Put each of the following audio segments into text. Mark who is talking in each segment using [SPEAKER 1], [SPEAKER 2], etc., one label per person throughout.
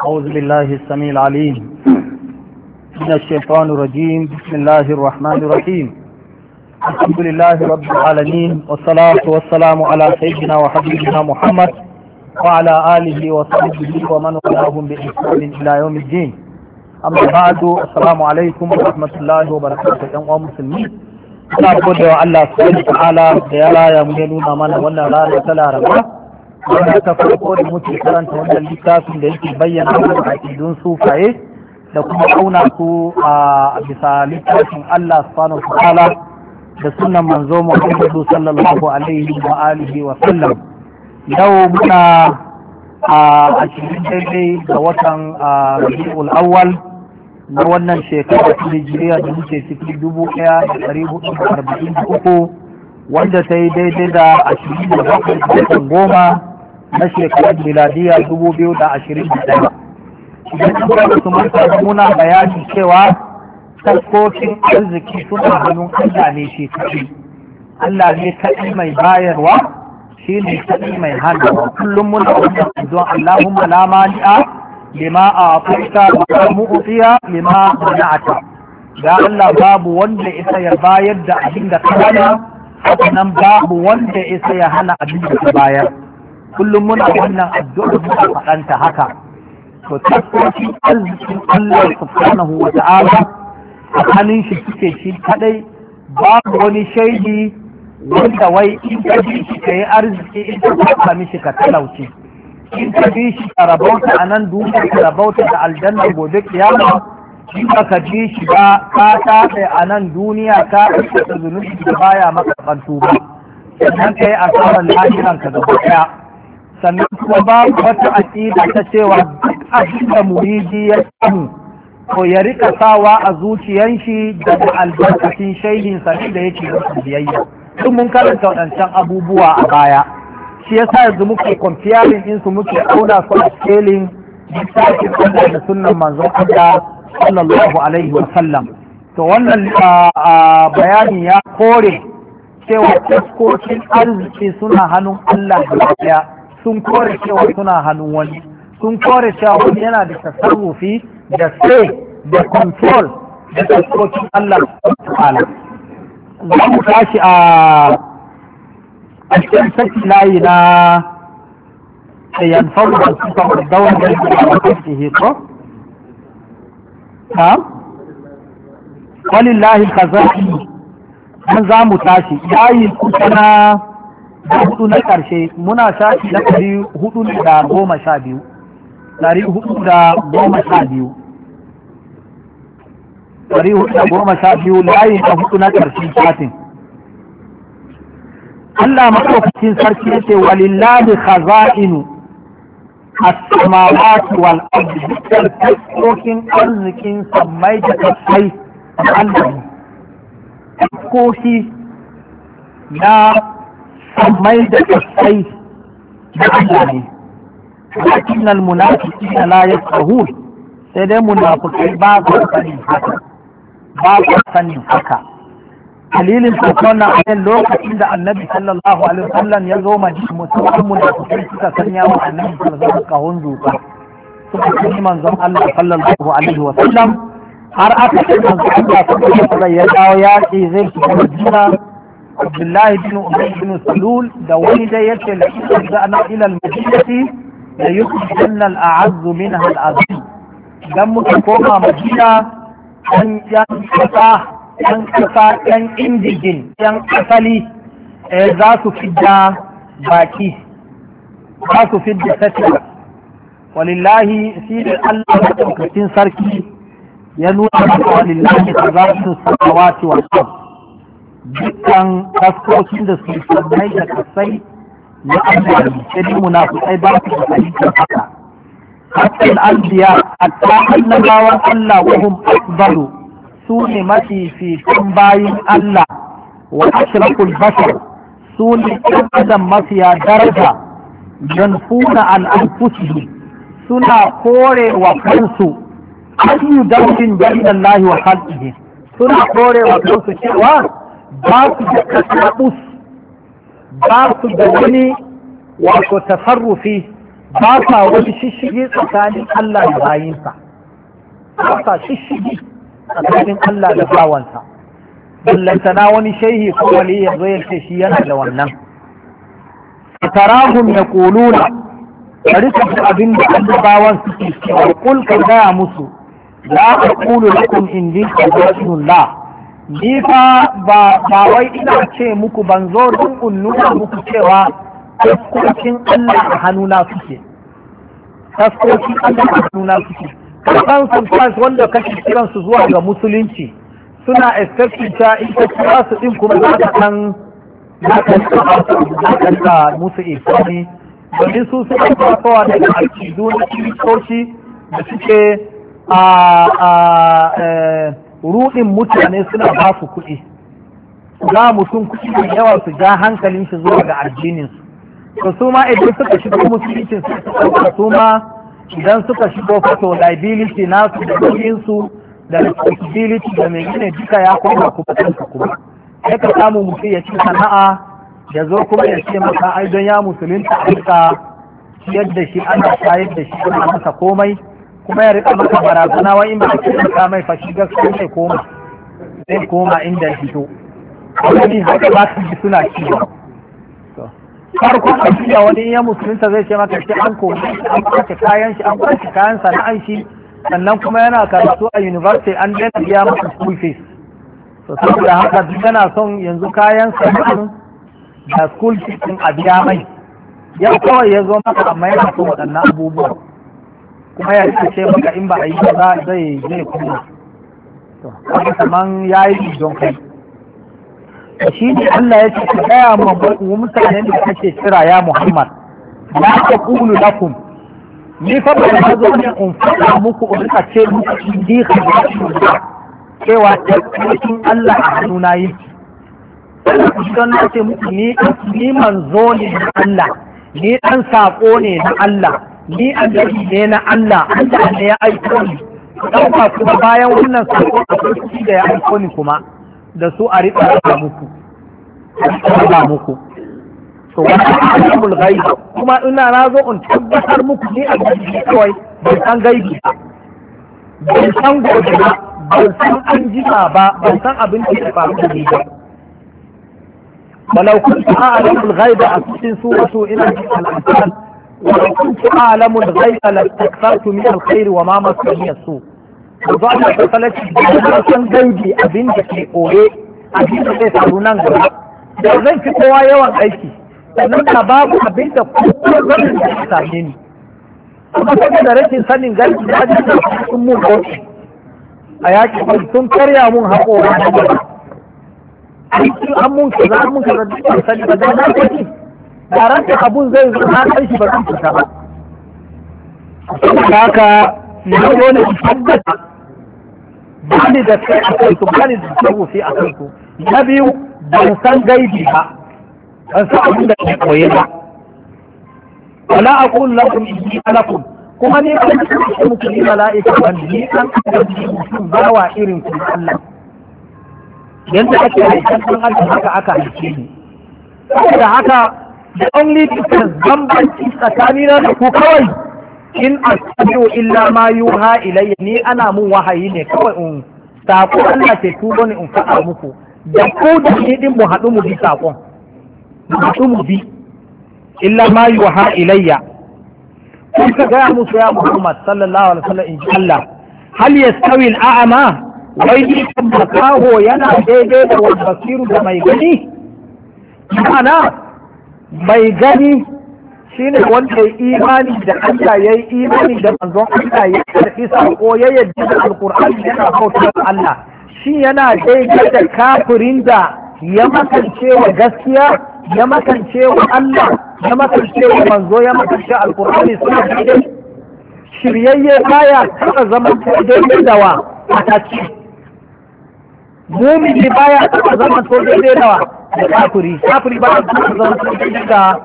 [SPEAKER 1] أعوذ بالله السميع العليم من الشيطان الرجيم بسم الله الرحمن الرحيم الحمد لله رب العالمين والصلاة والسلام على سيدنا وحبيبنا محمد وعلى آله وصحبه ومن والاهم بإحسان إلى يوم الدين أما بعد السلام عليكم ورحمة الله وبركاته يا مسلمين ina gode wa Allah subhanahu wa ta'ala da ya raya mu ya nuna mana wannan rana ta Laraba wanda ta farko da muke karanta wannan littafin da yake bayyana mana aƙidun sufaye da kuma auna su a bisa littafin Allah subhanahu wa ta'ala da sunan manzo Muhammadu sallallahu alaihi wa alihi wa sallam yau muna a cikin daidai ga watan Rabiul Awwal na wannan shekara ta Hijriya da muke ciki dubu ɗaya da ɗari hudu da arba'in da uku wanda ta yi daidai da ashirin da bakwai da goma na shekarar miladiya 2021 idan kuma da su manta muna bayani cewa taskokin arziki suna hannun Allah ne shi kaɗai Allah ne kaɗai mai bayarwa shi ne kaɗai mai hannu kullum muna wannan zuwa Allahumma la mani'a lima a fuska wa mu'tiya lima mana'ata ya Allah babu wanda isa ya bayar da abin da ka hana babu wanda isa ya hana abin da ka bayar kullum muna wannan addu'ar muna faɗanta haka to tabbacin arzikin Allah subhanahu wa ta'ala a hannun shi suke shi kadai babu wani shaidi wanda wai in ka bi shi ka yi arziki in ka kwata mishi ka talauci in ka bi shi ka rabauta a nan duniya ka rabauta da aljanna gobe kiyama in ka ka bi shi ba ka tafe a nan duniya ka ɗauke da zunubi da baya maka ba sannan ka yi asarar lahiran ka gaba ɗaya sannan kuma babu wata aƙida ta cewa duk abin da muridi ya samu ko ya rika sawa a zuciyan shi daga albarkacin shaihin sani da yake masa biyayya duk mun karanta waɗancan abubuwa a baya shi yasa yanzu muke comparing din su muke auna su a scaling littafin Allah da sunnan manzon Allah sallallahu alaihi wa sallam to wannan bayani ya kore cewa fuskokin arziki suna hannun Allah da sun kore cewa suna hannun wani sun kore cewa wani yana da tasarrufi da sai da control da tasarrufin Allah ta'ala za mu tashi a cikin saki layi na faru da suka wadawar da yake da wakilci hito ha walillahi kaza'i an za mu tashi yayi kusa na da hudu na ƙarshe muna shafi na ɗari hudu da goma sha biyu ɗari hudu da goma sha biyu ɗari hudu da goma sha biyu layi na hudu na karshe shafin Allah maɗaukacin sarki ya ce walillahi khaza'inu as-samawati wal ardi dukkan tsokokin arzikin sammai da kasai Allah ne tsokoki na Mai da kasai da Allah ne lakin al na la yafqahun sai dai munafiqai ba su sanin haka ba su sani haka dalilin sakon na ayan lokacin da annabi sallallahu alaihi wasallam ya zo madina musamman munafiqai suka sanya wa annabi sallallahu alaihi wasallam kahun zuka suka kuma manzon Allah sallallahu alaihi wasallam har aka ce manzon Allah sallallahu alaihi wasallam ya dawo yaƙi zai shiga madina abdullahi bin ubay bin salul da wani da yace la ana ila al-madinati la yukhrijanna al-a'azzu minha dan muka koma madina an ya kasa yan yan indigin yan asali eh, za su fidda baki za su fidda tattara walillahi shi da Allah da sarki ya nuna walillahi ta za su samawati wa dukkan kaskokin da su sannai da kasai na Allah sai dai ba su da fahimtar haka hatta A anbiya na gawar Allah wa hum afdalu su ne mafi fifikon bayin Allah wa ashirakul bashar su ne ɗan adam mafiya daraja yanfuna an anfusihim suna kore wa kansu an yi daukin jami'an Allah wa halƙihi suna kore wa kansu cewa ba su da kasabus ba su da wani wato tasarrufi
[SPEAKER 2] ba sa wani
[SPEAKER 1] shishigi tsakanin Allah da bayinsa ba sa shishigi tsakanin Allah da bawansa ballantana wani shaihi ko wali ya zo ya shi yana da wannan fatarahum yaquluna bari ka ji abin da annabawan suke cewa kul ka gaya musu
[SPEAKER 2] la aqulu lakum
[SPEAKER 1] indi qadratullah ni fa ba ba wai ina ce muku ban zo don in nuna muku cewa taskokin Allah a hannuna suke taskokin Allah a hannuna suke kasan sometimes wanda kake kiran su zuwa ga musulunci suna expecting ta in ka kira su din kuma za ka kan za ka kan ka musu ifani domin su suka tasowa daga alƙidu na kiristoci da suke a eh, ruɗin mutane suna ba su kuɗi za mutum kuɗi da yawa su ja hankalin shi zuwa ga addinin su to su ma idan suka shigo musulunci su su ma idan suka shigo fato liability nasu da kuɗin su da responsibility da mai gina duka ya koma ku ka kuma sai ka samu mutum ya ci sana'a ya zo kuma ya ce masa ai don ya musulunta a duka yadda shi ana shayar da shi ana masa komai kuma ya riƙa maka barazana wa in ba ka taimaka mai fa shiga su zai koma zai koma inda ya fito
[SPEAKER 2] wani haka ba su
[SPEAKER 1] ji suna ci farko a shiga wani ya musulunta zai ce maka shi an koma an kwace kayan shi an kwace kayan sana'an shi sannan kuma yana karatu a university an daina biya masa school fees to saboda haka duk yana son yanzu kayan sana'an da school fees din a biya mai yau kawai ya zo maka amma yana son waɗannan abubuwa. kuma ya ce ce maka in ba a yi ba zai zai kuma to kaman ya yi don kai shi ne Allah ya ce ka gaya wa mutane da kake kira ya Muhammad la taqulu lakum ni fa ba na zo ne in faɗa muku in ka ce muku in ji ka cewa cikin Allah a hannuna yi don na ce muku ni ni manzo ne na Allah ni dan sako ne na Allah ni annabi ne na Allah Allah ne ya aiko ni dauka kuma bayan wannan sako akwai da ya aiko ni kuma da su a riƙa raba muku raba muku to wannan alimul ghaib kuma ina na zo in tabbatar muku ni annabi ne kawai ban san gaibi ba ban san gobe ba ban san an jima ba ban san abin da ya faru da ni ba ولو كنت أعلم الغيب أكتن سورة إلى الأنفال ولو كنت أعلم الغيب لاستكثرت من الخير وما مسني السوء yanzu ana tattalaci da san gaibi abin da ke koye a da zai faru nan gaba da zan kowa yawan aiki sannan da babu abin da kuma zan da same ni kuma da rashin sanin gaibi da ji da sun mun a yaki sun karya mun haƙora gaba an mun kaza mun sani ba da na taron da abun zai zo na kai shi ba zan fita ba haka na zo ne tabbata ba ni da kai a kai ku ba ni da fi a kai ku na biyu ban san gaibi ba ban san abin da ke koye ba wala aqul lakum inni alakum kuma ni ban san muku ni mala'ika ban ni an kaji mutum bawa irin ku Allah yanda ake halittar ɗan adam haka aka halice ni saboda haka Da the only difference bambanci tsakanina da ku kawai in astabi'u illa ma ha ilayya ni ana mun wahayi ne kawai in sako Allah ke tubo ni in faɗa muku da ku da ni din mu haɗu mu bi sakon mu haɗu mu bi illa ma ha ilayya kun ka gaya musu ya Muhammad sallallahu alaihi wasallam in ji Allah hal yastawi al-a'ma wai ni kan makaho yana daidai da wal basiru da mai gani ma'ana mai gani shi ne wanda ya imani da Allah ya yi imani da manzon Allah ya karɓi sako ya yadda da alkur'ani yana bautar Allah shi yana daidai da kafirin da ya makance wa gaskiya ya makance wa Allah ya makance wa manzo ya makance Alƙur'ani suna daidai shiryayye baya taɓa zama daidai da wa a tace mumini baya taɓa zama daidai da wa da kafiri kafiri ba su zama cikin da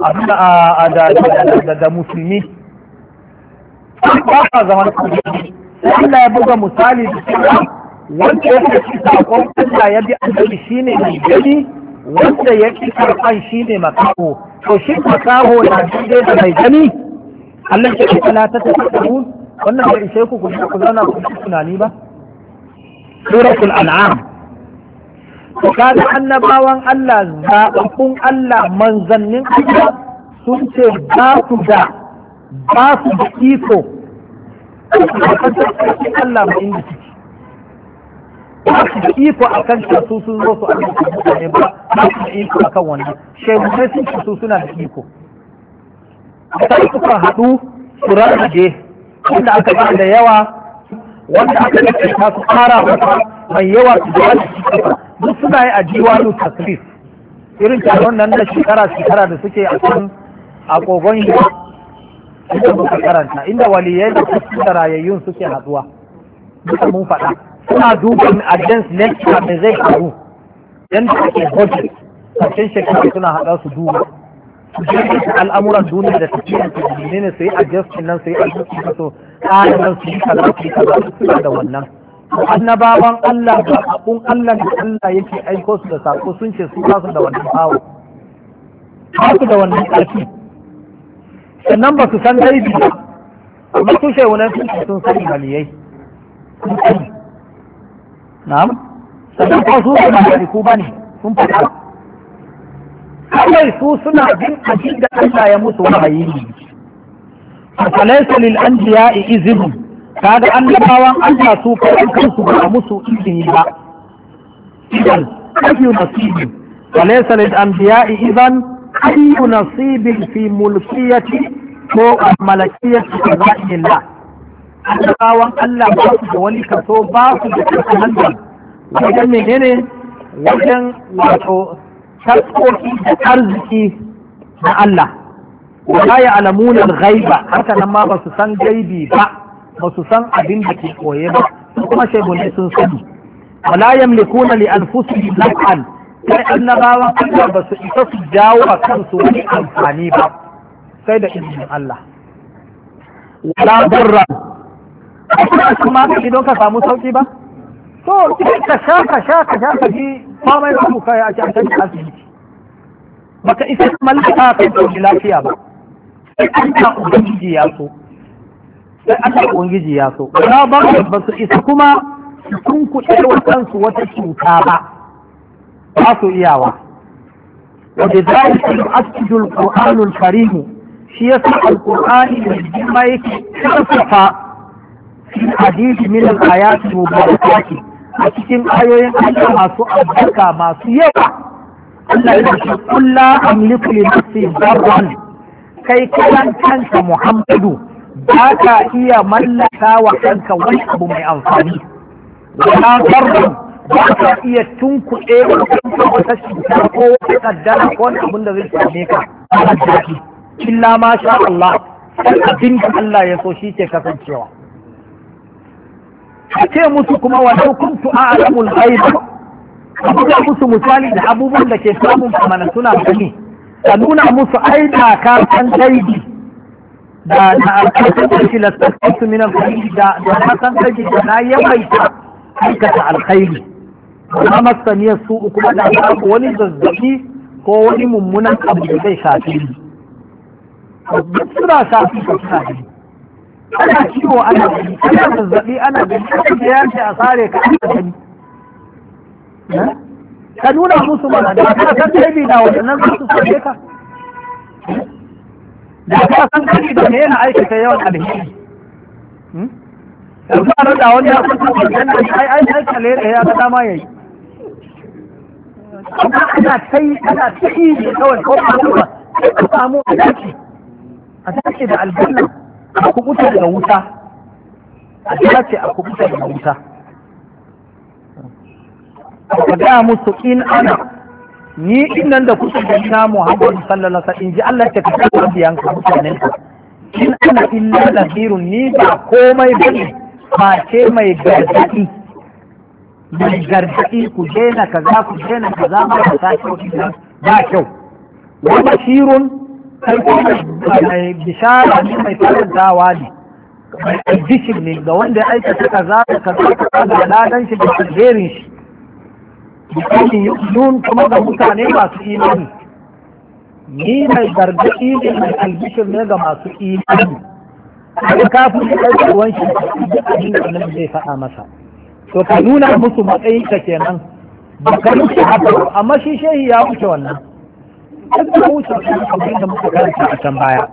[SPEAKER 1] abin da da musulmi ba su zama cikin Allah ya buga misali da cewa wanda ya kashi sakon Allah ya bi shi ne mai gani wanda ya ki karban shine makaho to shi makaho na daidai da mai gani Allah ya ce ala ta tafi wannan bai ishe ku ku zauna ku tunani ba suratul an'am to kaga annabawan Allah zaɓaɓɓun Allah manzannin Allah sun ce ba su da ba su da iko Allah mai inda ciki ba su da iko a kan su sun zo su arziki mutane ba ba su da iko a kan wannan shaikunai sun ce su suna da iko ta suka haɗu su rarraje
[SPEAKER 2] wanda aka ba
[SPEAKER 1] da yawa wanda aka yi ta su ƙara mai yawa su da wani duk suna yi a diwalu tasrif irin taron nan na shekara-shekara da suke a kan agogon yi inda muka karanta inda waliyai da kusur da rayayyun suke haduwa duka mun faɗa suna dubin agents lecture mai zai faru yadda ake budget karshen shekara suna haɗa su duba su jirgin al'amuran duniya da tafiyar su ne su yi adjustin nan su yi adjustin nan su ƙarin nan su yi kaza su yi kaza suna da wannan
[SPEAKER 2] annabawan Allah da
[SPEAKER 1] abun Allah da Allah yake aiko su da sako sun ce su ba su da wannan bawo ba su da wannan ƙarfi sannan ba su san gaibi ba amma su shewunan sun ce sun sani waliyai sun sani na'am sannan ba su ba maliku ba ne sun fata kawai su suna jin abin da Allah ya musu wahayi ne fasalaisu lil anbiya'i izinin kaga annabawan Allah su kan kansu ba musu izini ba idan kafi nasibi walaysa lil anbiya'i idan kafi nasibin fi mulkiyati ko malakiyati ra'illah annabawan Allah ba su da wani kaso ba su da kaso hannun wajen menene wajen wato taskoki da arziki na Allah wa la ya'lamuna al-ghaiba haka nan ma ba su san gaibi ba ba su san abin da ke koye ba kuma shaigunai sun sani wala yamlikuna li anfusihim naf'an kai annabawan Allah ba su isa su jawo a kansu wani amfani ba sai da izinin Allah wala darra kuma ka don ka samu sauki ba to ka sha ka sha ka sha ka ji famai ba mu kai a cikin asibiti baka isa mallaka ka dauki lafiya ba sai Allah ubangiji ya so sai Allah ubangiji ya so ba ba su isa kuma sun kuɗe wa kansu wata cuta ba ba su iyawa wa bi zalika yu'akkidu al-qur'anu al-karim shi yasa al-qur'ani mai yake karfafa fi hadisi min al-ayat mubarakati a cikin ayoyin Allah masu albarka masu yawa Allah ya ce kullu amliku li nafsi darran kai kalan kanka Muhammadu ba ka iya mallaka wa kanka wani abu mai amfani wala zarrun ba ka iya tunkuɗe wa kanka wata cuta ko wata kaddara ko wani abin da zai same ka a jaki illa ma sha Allah sai abin da Allah ya so shi ke kasancewa ce musu kuma wa lau kuntu a'lamul A buga musu misali da abubuwan da ke samun kamar suna gani ka nuna musu aina kasan san da da alƙasar shi lasarƙasu min alƙairi da da hasan kaji da na yi yawaita aikata alƙairi na masaniyar su kuma da za ku wani zazzabi ko wani mummunan abu da zai shafi ni suna shafi ka suna gani ana ciwo ana gani ana zazzabi ana gani kuma da yanke a sare ka ana gani eh? ka nuna musu mana da ka san da waɗannan su su ka da kuma san kani da me yana aikata yawan alheri hmm? yanzu a rada wani ya kusa aljanna ai ai ai kale da ya ga dama yayi kuma ana sai ana sai da kawai ko ba ku samu a dace a take da aljanna a mutu daga wuta a take a mutu daga wuta ka ga musu in ana ni innan da kusa da na Muhammadu sallallahu alaihi inji Allah ta kace mabiyan ka mutanen ka in ana illa nadhirun ni ba komai ne ba ce mai gargadi mai gargadi ku daina kaza ku daina kaza ma ba ta kyau ba kyau wa bashirun kai kuma mai bishara ne mai farantawa ne mai addishin ne ga wanda ya aikata kaza kaza kaza da ladan shi da alherin shi bikamin yu'minun kuma ga mutane masu imani ni mai gargaɗi ne mai albishir ne ga masu imani kaga kafin ya ɗauki ruwan shi da abin da nan zai faɗa masa to ka nuna musu matsayin ka kenan ba ka nufi haka amma shi shehi ya wuce wannan duk da wuce abin da muka karanta a can baya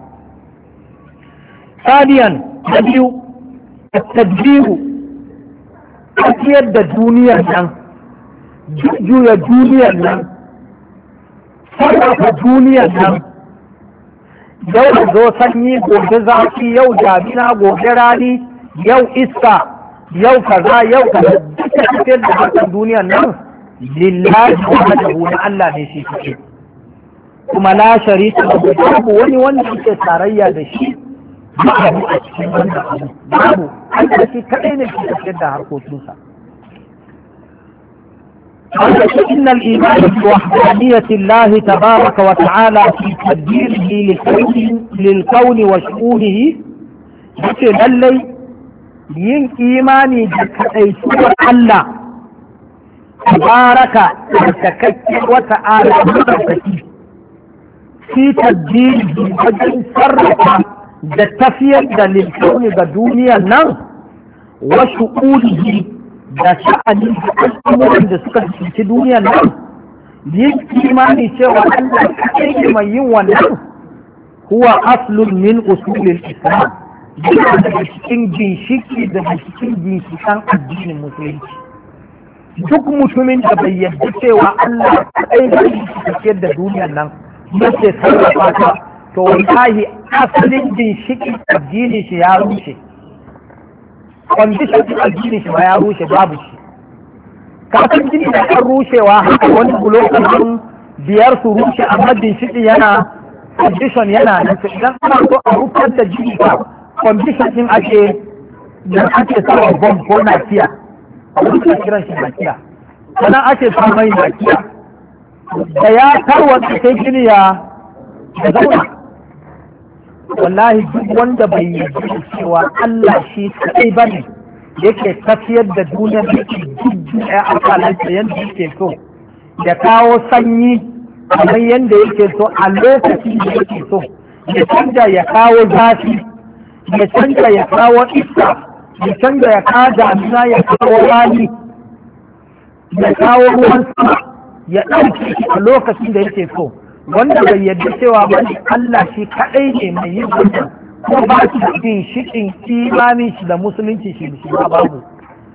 [SPEAKER 1] ثانيا نبيو التدبير تسير الدنيا الآن juya duniyar nan sarrafa duniyar nan yau da zo sanyi gobe zafi yau damina gobe rani yau iska yau kaza yau kaza duka tafiyar da harkar duniyar nan lillahi da na Allah ne shi kike kuma la da lahu babu wani wanda yake tarayya da shi ba a cikin wannan abu babu Allah shi kaɗai ne shi tafiyar da harkokinsa ان الإيمان بوحدانية الله تبارك وتعالى في تقديره للكون وشؤونه بك للي ين إيماني جك أيسوة الله تبارك وتكك وتعالى في تقديره وجن سرك دتفير للكون بدوني النار وشؤونه da sha'ani da al'amuran da suka cuci duniyar nan yin imani cewa Allah kake mai yin wannan huwa aslun min usulil islam yana da cikin ginshiki da cikin ginshikan addinin musulunci duk mutumin da bai yarda cewa Allah kai ne tafiyar da duniyar nan yake sarrafa ta to wallahi asalin ginshikin addinin shi ya rushe kwandishin ɗin addini shi ma ya rushe babu shi kafin jini da kan rushewa haka wani lokacin biyar su rushe a amma ginshiɗi yana kwandishin yana da su idan ana so a rufar da jini ba kwandishin ake da ake sawa bom ko nakiya a rufar kiran shi kiya sannan ake sa mai nakiya da ya tarwata sai jini ya zauna wallahi duk wanda bai yi cewa Allah shi kai ne yake tafiyar da duniyar da ke jujjuya a kalansa yadda yake so ya kawo sanyi kamar yadda yake so a lokacin da yake so ya canja ya kawo zafi ya canja ya kawo iska ya canja ya kawo damina ya kawo rani ya kawo ruwan sama ya ɗauke a lokacin da yake so wanda bai yadda cewa ba Allah shi kaɗai ne mai yin wannan ko ba shi cikin shikin imanin shi da musulunci shi shi ba babu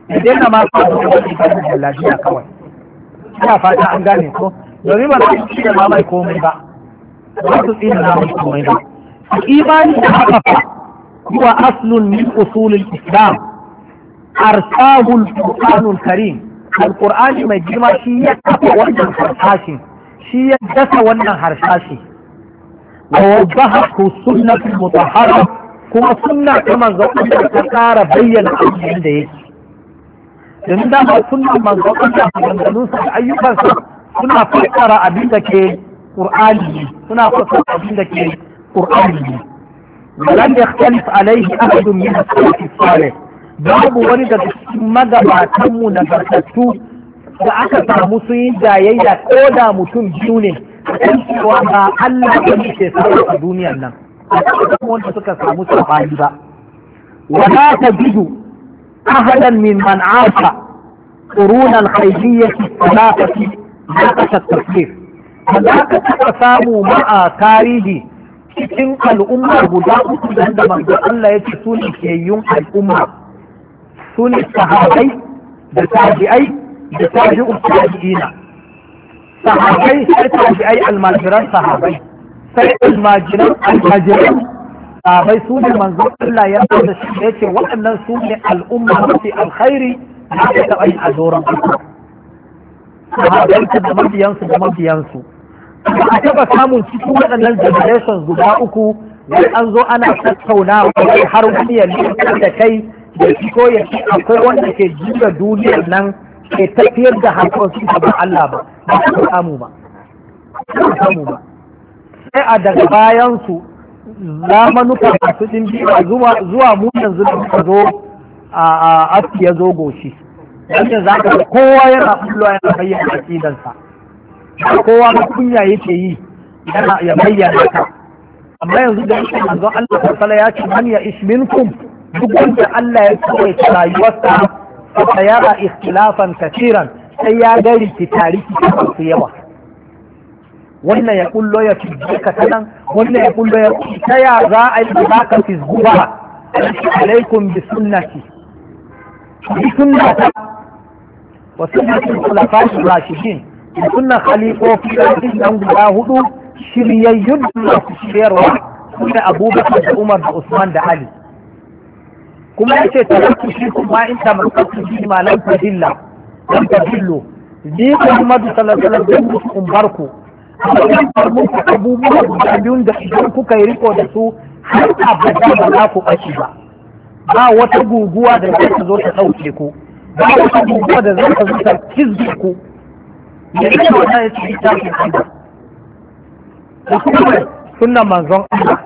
[SPEAKER 1] ya daina ma ba da wani ibadu da lafiya kawai ina fata an gane ko domin ba su ci da mai komai ba ba su tsina na mai komai ba imani da aka fa huwa aslun min usulul islam arsahu al-qur'anul karim al-qur'ani mai girma shi ya kafa wannan farfashin. shi ya dasa wannan harshashi
[SPEAKER 2] wa wadahu
[SPEAKER 1] sunnatul mutahara kuma sunna ta manzo Allah ta tsara bayyana abin da yake domin da ba sunna manzo Allah maganganun sa ayyukansa suna fassara abin da ke qur'ani suna fassara abin da ke qur'ani ولم يختلف عليه أحد من السلف الصالح babu wani daga cikin magabatanmu nagartattu da aka samu sun yi jayayya ko da mutum biyu ne kan cewa ba Allah ba ne ke sarrafa a duniyar nan a wanda suka samu sabani ba wala tajidu ahadan min man afa قرون الخيرية الثلاثة ناقش التفكير samu ma a tarihi cikin al'ummar guda uku da manzo Allah ya ce su ne ke yin al'umma su ne sahabai da tabi'ai da tabi'u tabi'ina sahabai sai tabi'ai almajiran sahabai sai almajiran almajiran sahabai su ne manzo. Allah ya da shi ya ce waɗannan su ne al'umma mafi alkhairi da aka taɓa yi a doron ƙasa sahabai da mabiyansu da mabiyansu ba a taɓa samun cikin waɗannan generations guda uku wai an zo ana tattaunawa har wani ya da kai da shi ko ya ce akwai wanda ke jira duniyar nan tafiyar da harkokin ba Allah ba ba su samu ba samu ba sai a daga bayan su
[SPEAKER 2] zamanuka
[SPEAKER 1] masu dimbi zuwa zuwa mu yanzu da muka zo a aski ya zo goshi yanzu za ka kowa yana bullo yana bayyana aqidansa kowa ga kunya yake yi
[SPEAKER 2] yana ya bayyana ka
[SPEAKER 1] amma yanzu da yake manzon Allah sallallahu alaihi ya ce man ya kun duk wanda Allah ya kawai rayuwarsa fa yara ikhtilafan kaciran sai ya ga rikita rikita su yawa wannan ya kullo ya fizge ka ta nan wannan ya kullo ya ta ya za a yi za ka fizgu ba alaikum bi sunnati bi sunnata wa sunnati khulafa'ir rashidin bi sunna khalifofi rashidin nan guda hudu shiryayyun masu shiryarwa sune abubakar da umar da usman da ali kuma ya ce taraktu shi kuma in tamarkatu shi ma lan tadilla lan tadillu Zai Muhammadu madu salasalar da musu muku barku amma bar muku abubuwa da biyun da idan kuka yi riko da su har bada ba za ku bashi ba ba wata guguwa da zai ta zo ta ɗauke ku ba wata guguwa da zai ta zo ta kizge ku
[SPEAKER 2] ya ce wannan ya
[SPEAKER 1] ce ta ce da kuma sunan manzon Allah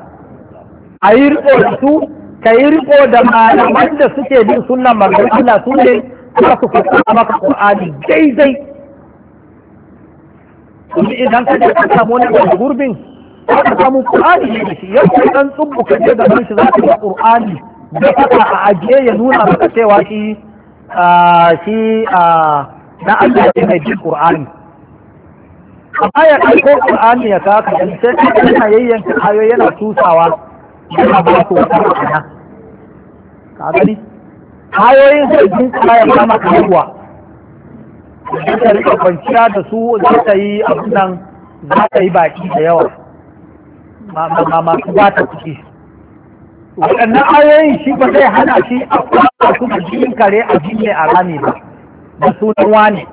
[SPEAKER 1] a yi riko da su ka yi riko da malaman da suke bin sunnan magana Allah su ne za su maka Qur'ani daidai kuma idan ka je ka samu wani da gurbin ka samu Qur'ani ne da shi yau ka dan tsubu ka je gaban shi za ka yi Qur'ani da fata a ajiye ya nuna maka cewa shi shi na Allah ne mai bin Qur'ani amma ya ɗauko Qur'ani ya kaka dan sai yi yayyanka ayoyi yana tusawa yana ba su wata ma'ana ka gani hayoyin sai jin tsara ya kama karuwa idan ka rika kwanciya da su za ta yi abin nan za ta yi baki da yawa ma masu ba ta kuɗi waɗannan ayoyin shi ba zai hana shi a kwanta su da jinin kare a jinne a rami ba da sunan wani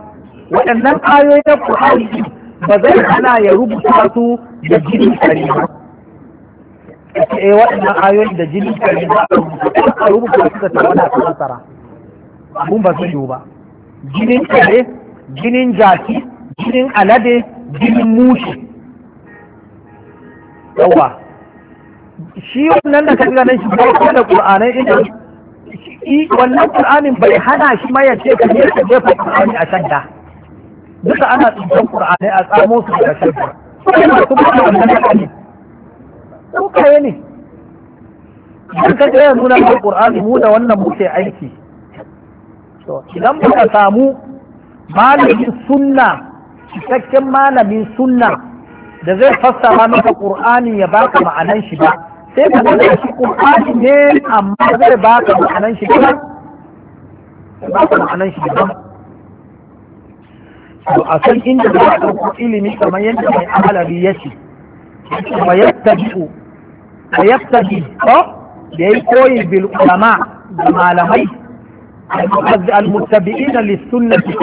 [SPEAKER 1] waɗannan ayoyi na Qur'ani ba zai hana ya rubuta su da jinin kare ba ka ce eh, waɗannan ayoyin da jini ka yi za a rubuta suka ta wani ta masara abun ba zai yiwu ba jinin kare jinin jaki jinin alade jinin mushi yawa shi wannan da kaga nan shi farko da qur'anai din wannan qur'anin bai hana shi ma ya ce ka je ka jefa qur'ani a shadda duka ana tsintar qur'anai a tsamo su da shadda kuma wannan ne ko yi ne idan ka ga yanzu na alqur'ani mu da wannan muke aiki to idan muka samu malamin sunna cikakken malamin sunna da zai fassara maka qur'ani ya baka ma'anan shi ba sai ka ga shi qur'ani ne amma zai baka ma'anan shi ba ba ma'anan shi ba to a san inda za a ɗauko ilimi kamar yadda mai ahalari ya wa yattabi'u wa yattabi ko da koyi bil ulama da malamai al-muttabi'ina lis-sunnati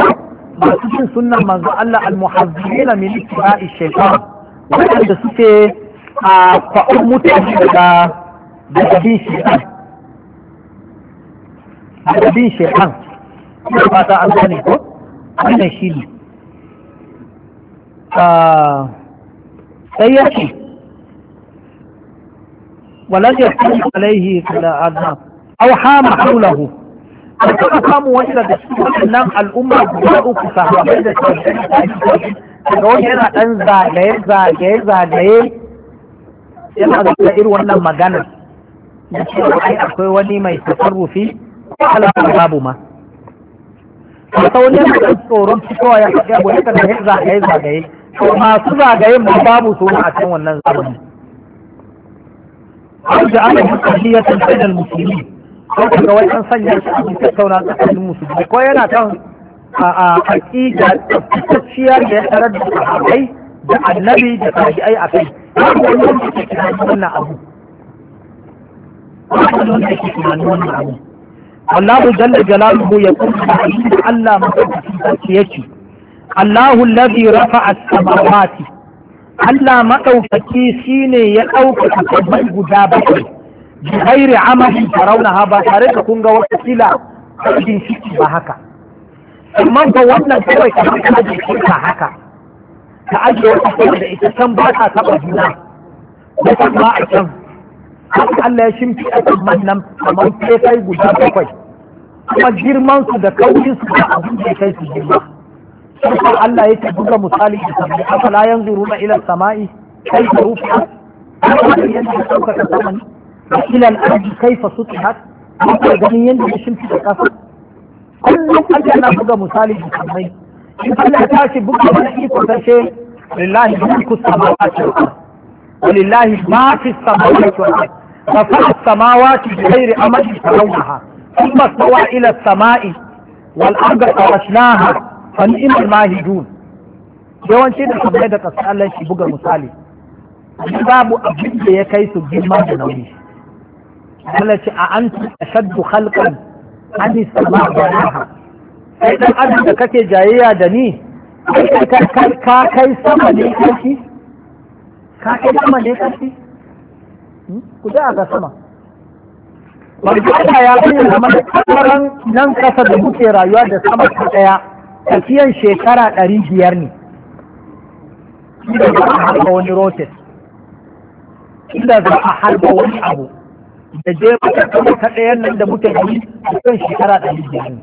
[SPEAKER 1] masu yin sunnan manzo Allah al-muhazzirina min ittiba'i shaytan wanda suke a kwa'un mutane daga fata an ko shi sai ya ce walan ya fi alaihi kala azna aw hama haulahu an taɓa samun wani daga cikin waɗannan al'umma guda uku sahabbai da sahabbai
[SPEAKER 2] daga wani yana ɗan
[SPEAKER 1] zagaye zagaye zagaye
[SPEAKER 2] yana da irin
[SPEAKER 1] wannan maganar da cewa ai akwai wani mai tasarrufi ko alamun babu ma ta wani yana da tsoron fitowa ya faɗi abu ya kan zagaye zagaye to masu zagayen mu babu su a cikin wannan zamani an da ana musulmiyatan bainal musulmi ko daga wajen sanya shi a bisa sauna tsakanin musulmi ko yana kan a aƙida tsaftaciyar da ya tarar da sahabai da annabi da ai a kai wannan da ke tunanin wannan abu wannan da ke tunanin wannan abu wallahu jalla jalaluhu ya kuma da Allah madaukakin sarki yake Allahu lazi rafa as-samawati Allah madaukaki shine ya ɗaukaka sammai guda bakwai bi ghairi amali tarawnaha ba tare da kun ga wata kila cikin shi ba haka amma wannan kawai kamar kana jikin ka haka ka ajiye wata da ita ba ta taɓa juna kuma a can haka Allah ya guda bakwai girman su da kaurin su da kai su sai Allah yake buga misali da sabai afala yanzuruna ila samai kaifa rufi'at yadda sauka ta saman ila al-ardi kaifa sutihat ba ganin yadda ya shimfi da kasa kullum Allah na buga misali da samai.
[SPEAKER 2] in Allah ya tashi
[SPEAKER 1] buga wani iko tace lillahi mulku samawati wal ardi ولله ما في السماوات والارض رفع السماوات بغير امل ترونها ثم استوى الى السماء والارض فرشناها fa ni'mal mahidun yawanci da kamar da kasa Allah shi buga misali babu abin da ya kai su girma da nauyi Allah ce a an ashaddu khalqan an sama banaha sai dan abin da kake jayayya da ni ka kai sama ne kashi ka kai sama ne kashi hmm? ku da ga sama
[SPEAKER 2] Wanda ya bayyana mana
[SPEAKER 1] kamaran nan kasa da muke rayuwa da sama ta daya tafiyan shekara ɗari biyar ne inda za a harba wani rocket inda za a harba wani abu da je mata kama ta nan da muke yi tafiyan shekara ɗari biyar ne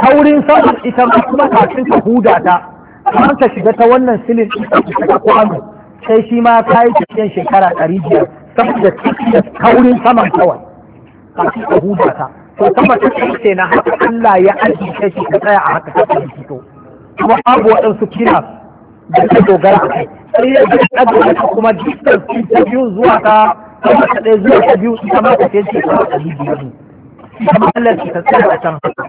[SPEAKER 1] taurin saman ita ma kuma kafin ka huda ta kamar ka shiga ta wannan silin ta kwano sai shi ma ka yi tafiyan shekara ɗari biyar saboda taurin saman kawai kafin ka huda ta to kama ta ce na haka Allah ya ajiye shi ka tsaya a haka ta fito kuma abu waɗansu kina da ta dogara a kai sai ya ji ɗaga ta kuma su ta biyu zuwa ta kama ta ɗaya zuwa ta biyu ita ma ta ce ce ta ta biyu biyu ita ma Allah ta tsaya a can haka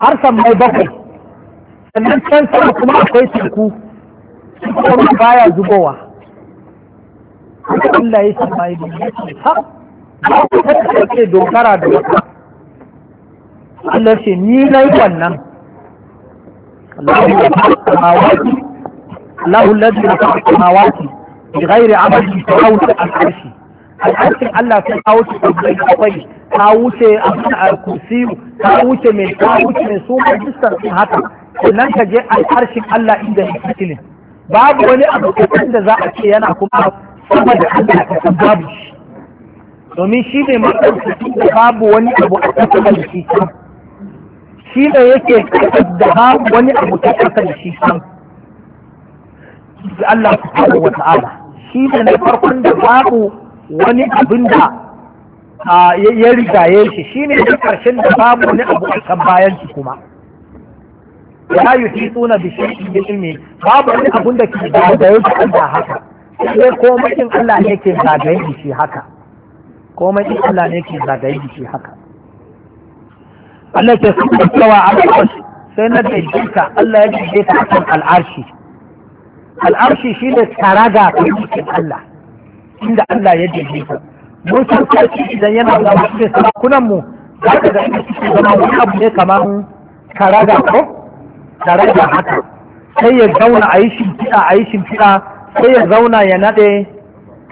[SPEAKER 1] har san mai bakwai sannan can sama kuma akwai teku kuma baya zubowa Allah ya san mai bakwai ba ke dogara da wata Allah ce ni na yi wannan Allahu ladzi na fara samawati bi ghairi amali ta hauta al'arshi al'arshin Allah sai ta wuce tabbai kawai ta wuce a abin a kursi ta wuce mai ta wuce mai su majistar sun haka sannan ka je al'arshin Allah inda ya fitilin babu wani abu da za a ce yana kuma sama da Allah ka babu shi domin shi ne maɗaukaki da babu wani abu a kasar da shi can shi ne yake da babu wani abu a kasar da shi can Allah subhanahu wa ta'ala shi ne na farkon da babu wani abin da ya ya shi shi ne na karshen da babu wani abu a kan bayan shi kuma ya yi hitsuna da shi ilmi babu wani abin da ke da haka sai komai in Allah ne ke zagaye shi haka komai in Allah ne ke zagaye jiki haka Allah ke suka cewa al'arshi sai na daidaita Allah ya daidaita a kan al'arshi al'arshi shi ne taraga ta jikin Allah inda Allah ya daidaita mun san sarki idan yana da wasu sarakunan mu za ka ga shi suke zama wani abu ne kamar taraga ko taraga haka sai ya zauna a yi shimfiɗa a yi shimfiɗa sai ya zauna ya naɗe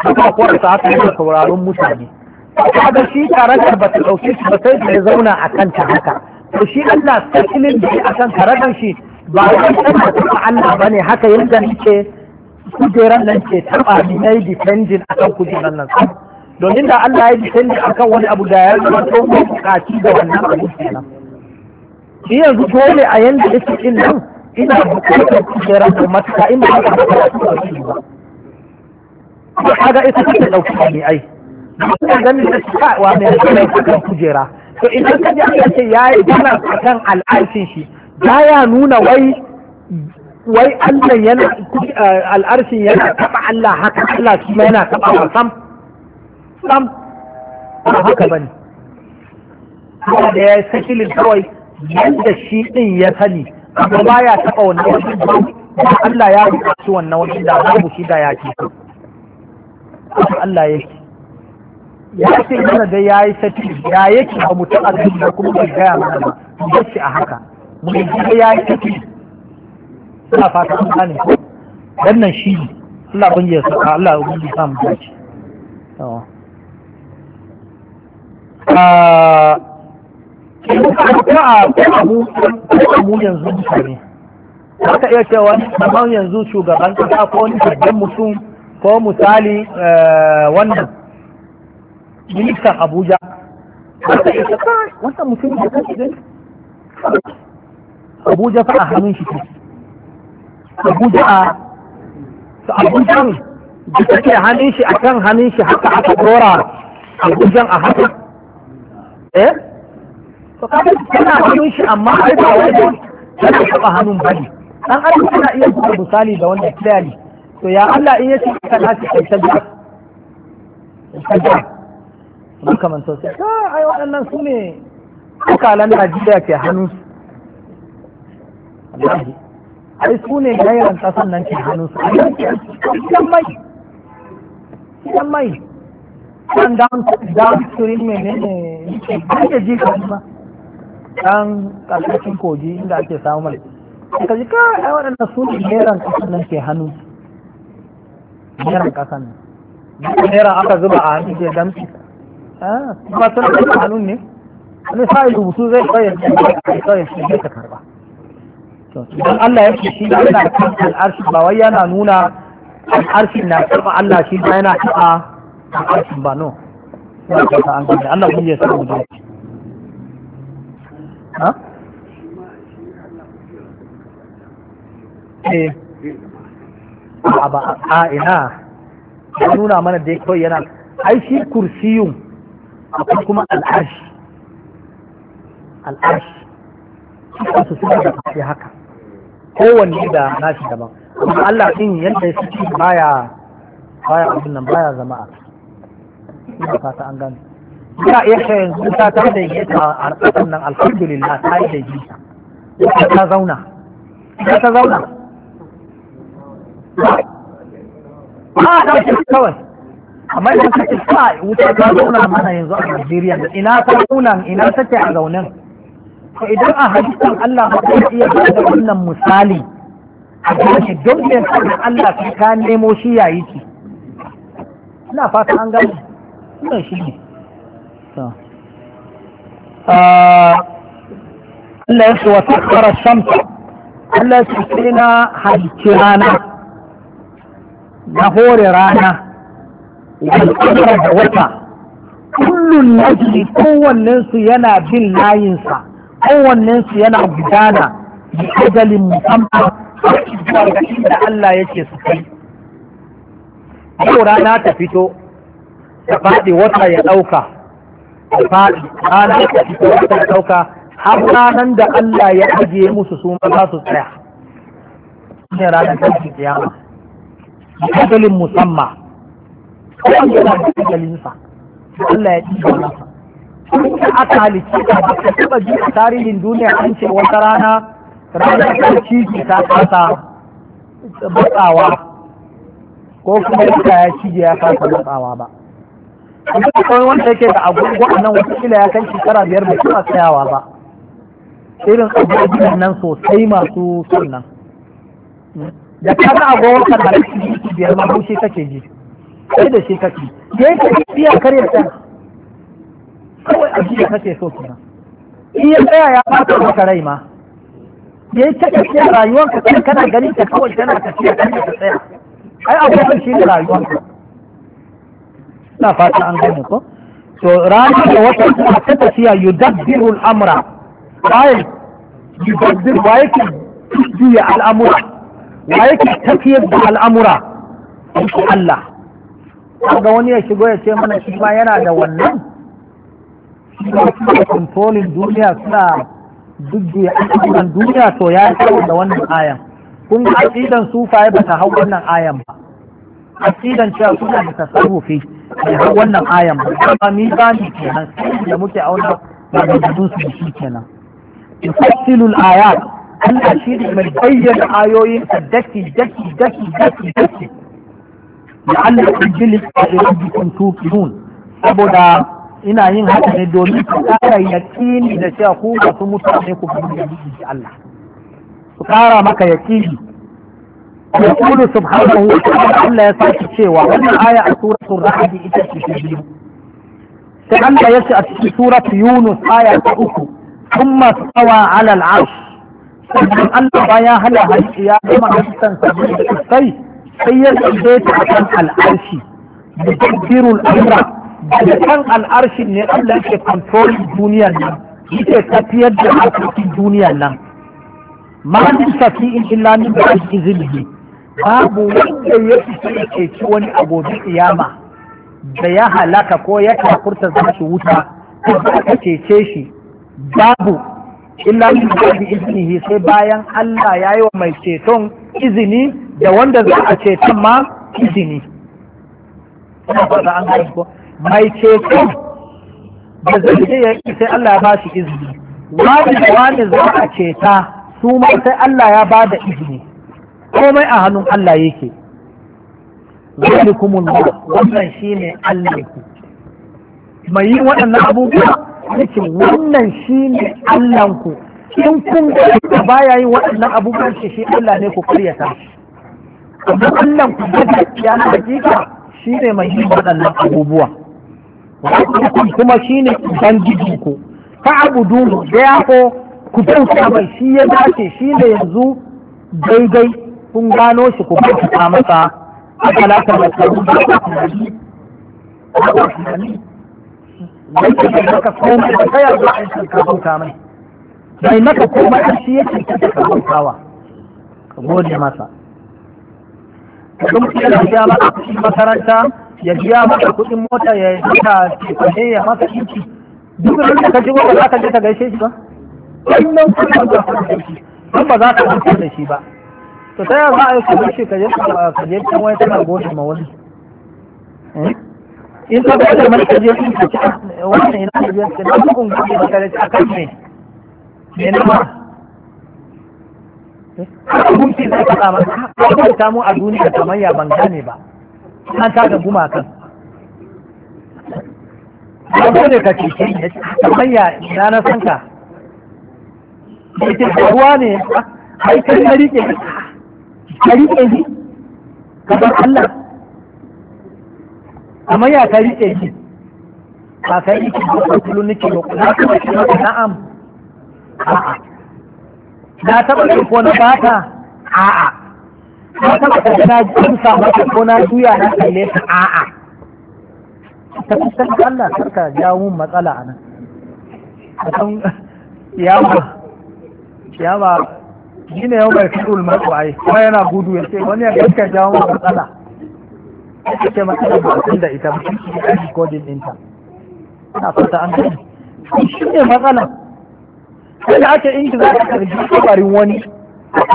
[SPEAKER 1] kafafuwarsa haka yana sauraron mutane kaga shi karakar ba ta ɗauke shi ba sai da ya zauna a kanta haka to shi Allah sakilin da a kan karakar shi ba wai tabbata ba Allah ba ne haka yadda nake kujeran nan ke taɓa ni na yi dependent a kan kujeran nan domin da Allah ya dependent a kan wani abu da ya zama to ko da wannan abu kenan shi yanzu dole a yanda yake ɗin nan ina bukatar kujeran nan matuƙa in ba ka ba. Kaga ita take ɗauki ne ai. suna ganin da suka wa mai kuma akan kujera to idan ka ji ya ce ya yi a kan al'arshin shi ba ya nuna wai wai Allah yana al'arshin yana taba Allah haka Allah kuma yana taba wa sam sam ba haka bane kuma da ya yi sakilin kawai yadda shi din ya sani amma ba ya taba wannan wajen ba Allah ya rubuta wannan wani, da babu shi da ya ke Allah yake ya ce mana da ya yi sati ya yake ba mu taɓa gani da kuma bai gaya mana ba mu shi a haka mu yi da ya yi sati suna fata an gane ko dan nan shi Allah ban ya saka Allah ya gudu samu dace ah, a mu yanzu mutane za ka iya cewa kamar yanzu shugaban kasa ko wani babban mutum ko misali eh, wannan ministan abuja
[SPEAKER 2] wannan mutum da kan shiga
[SPEAKER 1] abuja fa a hannun shi abuja a abuja ne da take hannun shi a kan hannun shi haka aka dora abujan a haka eh to kada kana hannun shi amma ai ba wai kana taba hannun bane dan adam kana iya zuwa misali da wannan clearly to ya Allah in yace ka shi kai ta ta makamantar sai ka ai waɗannan su ne Najeriya ke su ai su ne gairan ƙasar nan ke hannu a yanki mai yan mai kan down stream ne ke ji ka ba dan ƙasashen kogi inda ake samu mai ka ji ka ai waɗannan su ne gairan ƙasar nan ke
[SPEAKER 2] su gairan ƙasan
[SPEAKER 1] nan Nera aka zuba a hannun ke ba ta da hannun ne wani sa'in rubutu zai kawai kawai shi ka karba
[SPEAKER 2] Don Allah ya ce shi Allah ya kan
[SPEAKER 1] al'arshi ba wai yana nuna al'arshi na karba Allah shi ba yana taɓa al'arshi ba no Allah kun ya samu da ha? Eh, a ba a ina ya nuna mana da ya yana ai shi kursiyun akwai kuma al'arshi al'arshi su suna da kafi haka kowanne da nashi daban amma Allah din yadda ya suke baya baya abin nan baya zama a ina fata an gani ina iya kai yanzu ta ta da yake a ƙasar nan alhamdulillah ta yi da jita ita ta zauna ita ta zauna ba a ɗauke kawai amma da ka sa kai wuta ta zauna mana yanzu a Najeriya da ina ta zauna ina take a zaunin to idan a hadisin Allah ba zai iya da wannan misali a gane don me sai Allah sai ka nemo shi yayi ki ina fata an gani. ina shi ne ah, Allah ya ce wa sakkara shamsa Allah ya ce na halicci rana na hore rana والقمر دوتا كل نجل قوة الناس ينا باللاينسا قوة الناس ينا بدانا بأجل مسمى da Allah yake su kai yau rana ta fito ta faɗi wata ya ɗauka ta faɗi rana ta fito wata ya ɗauka
[SPEAKER 2] har ranar
[SPEAKER 1] da Allah ya ajiye musu su za su tsaya ne ranar ta kiyama ajalin musamman kan yana da ajalinsa Allah ya ɗiba masa in aka halicce ka ba ka taɓa ji a tarihin duniya an ce wata rana ranar sarki ce ta kasa matsawa ko kuma yadda ya shige ya kasa matsawa ba amma kawai wanda yake da agogo a nan wata kila ya kai shekara biyar bai kuma tsayawa ba irin abubuwan nan sosai masu sannan
[SPEAKER 2] da kaga agogon kan
[SPEAKER 1] halittu biyar ma bushe kake ji sai da shi kake ya yi iya karya ta kawai a jiya kake so kuma iya tsaya ya fata maka rai ma ya yi ta rayuwar ka sai kana ganin ta kawai tana tafiya kan ta tsaya ai abubuwan shi ne ka na fata an gane ko to rana da wata ta tafiya yudabbiru al'amura bayan yudabbiru ba yake juya al'amura wa yake tafiyar da al'amura Allah ga wani ya shigo ya ce mana shi ma yana da wannan shi ma kontrolin duniya suna dubbe aƙidan duniya to ya yi da wannan ayan kun ga aƙidan sufaye ba ta hau wannan ayan ba aƙidan cewa suna da tasarrufi bai hau wannan ayan ba kuma mi ba ni kenan sai da muke auna maganganun su da shi kenan tafsilul ayat Allah shi ne mai bayyana ayoyin daki daki daki daki daki la'allakum bil rabbikum tuqinun saboda ina yin haka ne domin ku ƙara yaƙini da cewa ku wasu mutane ku bi da shi Allah ku ƙara maka yaƙini يقول سبحانه وتعالى الله ce شيوا ومن آية سورة الرعد إذا تشبه تعالى يسأل في سورة يونس آية أخو ثم استوى على العرش sannan Allah ba ya hala halitta ya gama halittar sabbin da sai ya ɗauke ta a kan al'arshi da tafsirul amra da kan al'arshi ne Allah yake control duniyar nan yake tafiyar da harkokin duniya nan ma min shafi'in illa min ba'd iznihi babu wanda ya fita ya ceci wani agobi kiyama da ya halaka ko ya kafurta za shi wuta ko ka cece shi babu illa min ba'd iznihi sai bayan Allah ya yi wa mai ceton izini da wanda za a ce can ma izini ina fata an ga ko mai ceton da zai ce ya sai Allah ya ba shi izini wani da wani za a ceta su ma sai Allah ya ba da izini komai a hannun Allah yake
[SPEAKER 2] zalikumul
[SPEAKER 1] wannan ne Allah ku mai yin waɗannan abubuwa yake wannan ne Allah ku in kun ga baya yi waɗannan abubuwan shi Allah ne ku karyata shi amma wannan kuma ya na hakika shi ne mai yin waɗannan abubuwa kuma shi ne ubangiji ku abu abudu da ya ko ku bauta mai shi ya dace shi ne yanzu daidai kun gano shi ku bauta masa a talata da karu da
[SPEAKER 2] Wai da maka komai da kayar da aikin ka bauta
[SPEAKER 1] mai. Bai maka komai shi yake ka bautawa. Ka gode masa. don mutum yana biya maka kuɗin makaranta ya biya maka kuɗin mota ya ta kwane ya maka inci duk da ka ji wanda za ka je ka gaishe shi ba wannan kuɗin ba ka gaishe don ba za ka gaishe da shi ba to ta yaya za a yi ka gaishe ka je ka je can wani tana gode ma wani eh? in ka gaishe ma ka je ka ci wannan ina ka je ka je ka ci kun da ka je a kan me ne na ma haka gunki zai faɗa maka haka ta mu a duniya kamar ya ban gane ba an ta guma kan. an zo ne ka cece ne kamar ya na na san ka ce ruwa ne ai kai na rike ka rike ka kamar Allah kamar ya ka rike ni ba kai rike kuma kullun nake ba kullun na'am a'a na taɓa ɗin ko na bata a'a na taɓa ɗin na jinsa ba ko na juya na kalle ta a'a ta kusan Allah karka jawo mun matsala a nan a ba ya ba shi ne yau mai fidul matsuwaye kuma yana gudu ya ce wani ya karka jawo mun matsala ya ce matsala ba a da ita ba shi ne ko din ɗinta ina fata an gani shi ne matsalan sai ake inda za ka karbi kabarin wani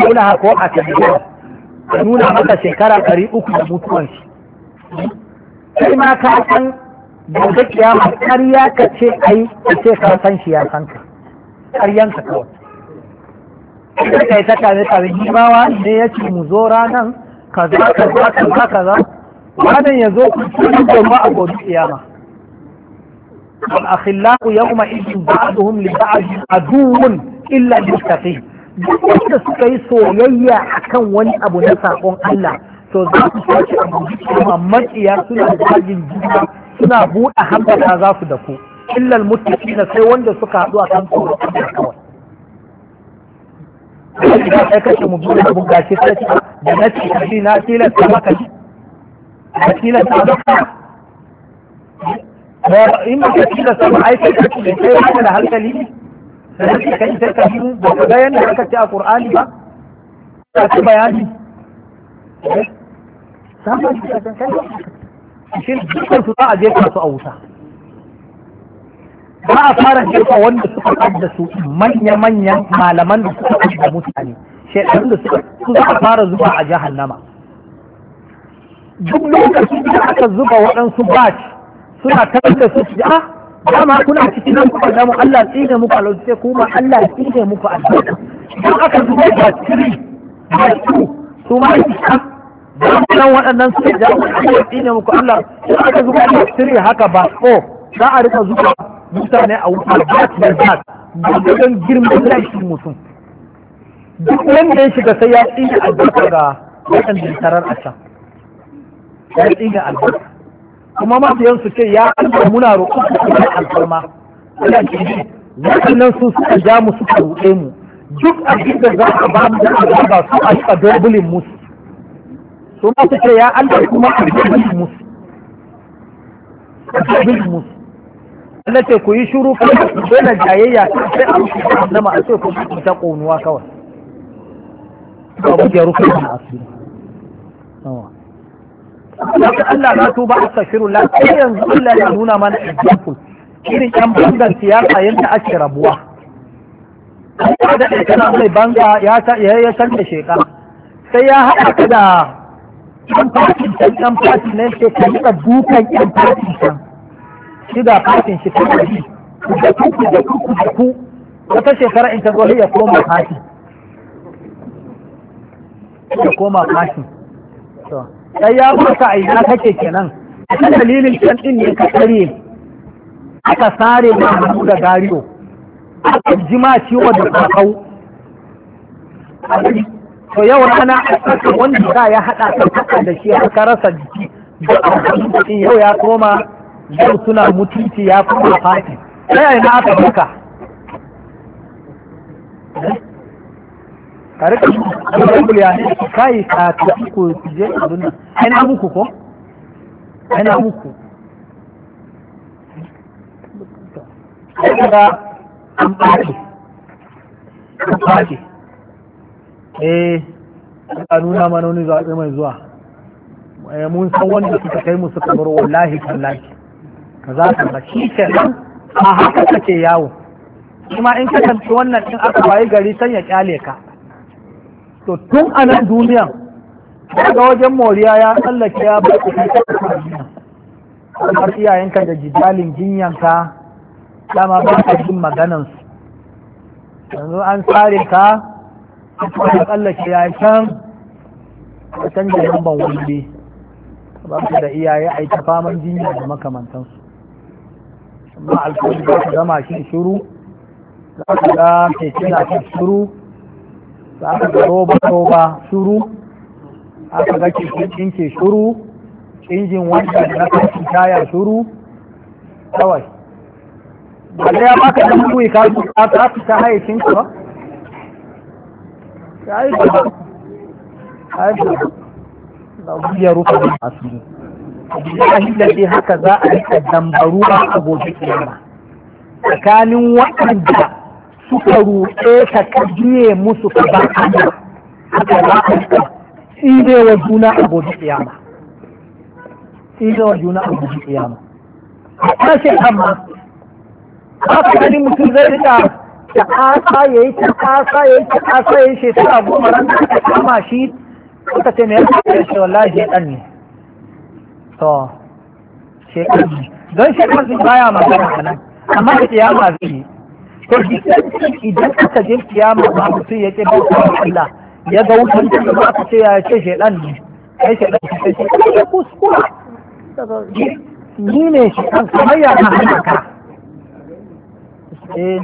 [SPEAKER 1] nuna hako a tabbiya da nuna maka shekara ɗari uku da mutuwan shi sai ma ka san gobe kiyama ƙarya ka ce ai ka ce ka san shi ya san ka ƙaryan ka kawai sai ka yi ta kame kame jimawa ne ya ce mu zo ranan kaza kaza kaza kaza wannan ya zo ku a gobe kiyama والأخلاء يومئذ بعضهم لبعض عدو إلا المتقين duk wanda suka yi soyayya akan wani abu na sakon Allah to za su tashi a cewa maciya suna zagin juna suna buɗe hankala za su da ku illal muttaqina sai wanda suka haɗu a kan tsoron Allah kawai idan kai kace mu biyu da abun gashi sai da nace kashi na tilasta maka na tilasta maka in ba ka cika sama ai kai ka cika kai ba da hankali sai ka kai sai ka biyu da ka ga yanda aka ce a Qur'ani ba ka ci bayani sama eh? ka san kai shin dukkan su za a je su a wuta ba a fara jefa wanda suka kadda su manya-manyan malaman da suka kadda mutane shaidan da suka za a fara zuba a jahannama duk lokacin da aka zuba waɗansu batch suna tarar da su su a ah, dama kuna cikin nan kuma namu Allah ya tsine muku alauci sai kuma Allah ya tsine muku albarka idan aka zuba da tiri da su su ma su ka dan waɗannan su da ah, Allah tsine muku Allah idan aka zuba da tiri haka ba ko za a rika zuba mutane a wuta ba su da
[SPEAKER 2] ba don girman
[SPEAKER 1] rashin mutum duk wanda ya shiga sai ya tsine albarka ga waɗanda tarar a can ya tsine albarka kuma masu ce ya Allah muna roƙon ku da alfarma ya ke ji wannan su suka ja mu suka ruɗe mu duk cikin da za ka ba mu da ba su a shiga dobulin musu su ma su ce ya Allah kuma a dobulin musu a dobulin musu Allah ce ku yi shuru kuma ku daina jayayya sai a ka annama a ce ku ku ta ƙonuwa kawai ba mu je rufe a asiri yanzu Allah na ba a safirullah ko yanzu Allah ya nuna mana example irin yan bangar siyasa yadda ake rabuwa. Kuma da ɗaya mai banga ya da sheka sai ya haɗa ka da yan fatin can yan fatin nan sai ka riƙa dukan yan fatin can. Shi da fatin shi ta ɗari. Da kuku da kuku da ku wata shekara in ta zo ya koma fatin. Ya koma fatin. sai ya baka a ina kake kenan a dalilin can din ne ka tsare aka sare ma hannu da gariyo aka jima ciwo da kakau to yau rana a tsaka wanda ya haɗa ka da shi har rasa jiki da amfani yau ya koma yau suna mutunci ya kuma fati sai ina aka baka ka rika kuma ya ne kai ka ta ku je abin nan ana muku ko Ina muku kaga an ɓaci an eh a nuna mana wani zaɓe mai zuwa eh, mun san wanda suka kai mu suka bar wallahi tallahi ka za ka ba shi kenan a haka kake yawo kuma in ka tantu wannan in aka wayi gari san ya kyale ka to tun a nan duniya daga wajen moriya ya tsallake ya bar har iyayenka da jidalin jinyanka dama ba ka jin maganansu yanzu an tsare ka a cikin tsallake ya can a yan ban wani ba su da iyaye a yi ta faman jinya da makamantansu amma alkawari ba su zama shi shuru za su ga ke kina shi shuru Za aka ga roba roba shuru aka ga cikin ke shuru injin wanda na kashi taya shuru kawai ba da ya baka da mutuwi ka ta fita hayyacin ka ba ya yi gaba ya yi gaba da biyar rufe da asiri billahi lalle haka za a rika dambaruwa a gobe kiyama tsakanin waɗanda suka ruɗe ka kajiye musu ka ba yi haka ba a yi wa juna a gobe tsiyama wa juna a gobe ƙiyama a ƙarshe amma haka gani mutum zai rika ta asa ya yi ta asa ya yi ta asa ya yi shekara goma ran da aka kama shi aka ce mai yasa ya ce wallahi shekan ne to shekan don shekan baya magana a nan amma da tsiyama zai yi to idan aka je kiyama ba sun ya ce bauta Allah ya ga wutan da ba aka ce ya ce shaidan ne kai shaidan ne sai ya kuskura ni ne shaidan kamar ya na halaka eh